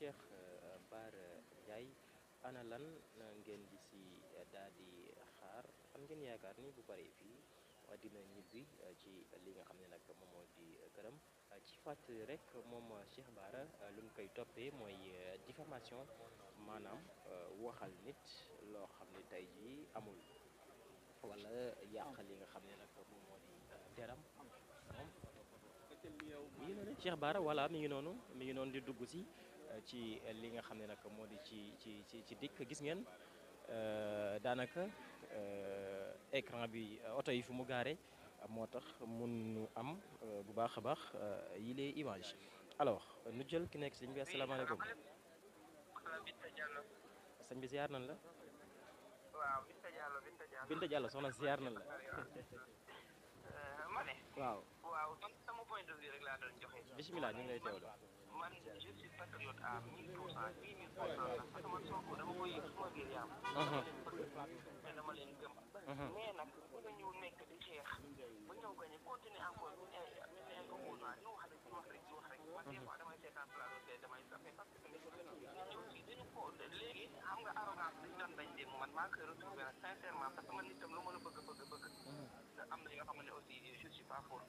Cheikh euh, Bara euh, Ndiaye ana lan euh, ngeen di si daal di xaar am ngeen yaakaar ni bu paree fii dina ñibbi ci li nga xam ne nag moom moo di këram ci fàttali rek moom Cheikh baara lu mu koy toppee mooy diffamation maanaam waxal nit loo xam ne tey jii amul wala yàq li nga xam ne nag moom mi ngi noonu Cheikh Bara voilà mi ngi noonu mi ngi noonu di dugg si euh, ci li nga xam ne nag moo di ci ci ci ci dikk gis ngeen euh, daanaka euh, écran bi oto yi fi mu gaare moo tax mun am bu baax a baax yii les images alors nu jël ki nekk si ligne bi asalaamaaleykum. sëñ bi ziar nan la. waaw Binta Diallo Binta Diallo soxna nan la. daan joxe. bisimilah ñu ngi lay man je suis patriote à 1000 pour cent 10 000 pour la parce que man Sonko dama koy yëg suma biir yaam. man des fois damay seetaan place bi damay sape man maa koy retrouvé man itam bëgg bëgg bëgg. am na yoo xam ne aussi je suis pas fort.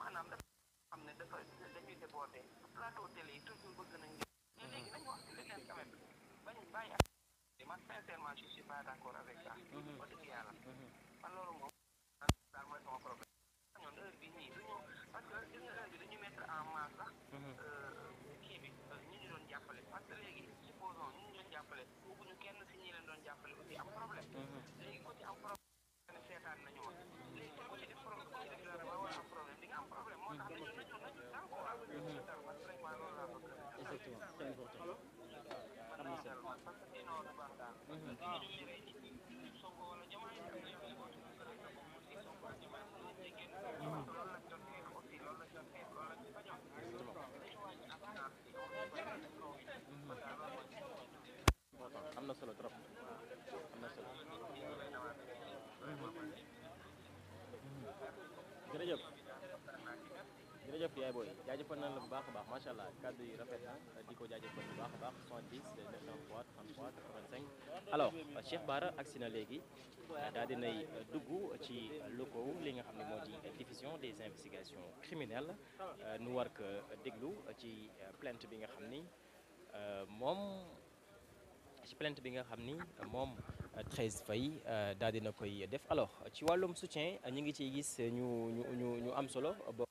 maanaam dafa xam ne dafa dañuy déborder plateau télé yi toujours bëgg nañ ngeen mais léegi nañ wax man sincèrement je suis avec ça mhm. wax mhm. man loolu moom 你好。yaay Boy. jaajëfal nañ la bu baax a baax macha yi rafet na di ko jaajëfal bu baax a 70 903 33 85 alors Cheikh Bara agsi Legui, léegi daal dinay dugg ci locaux li nga xam ne division des investigations criminelles nu war ko déglu ci plainte bi nga xam ni ci plainte bi nga xam ni 13 Faye daal dina koy def alors ci wàllum soutien ñu ngi ciy gis ñu ñu ñu am solo.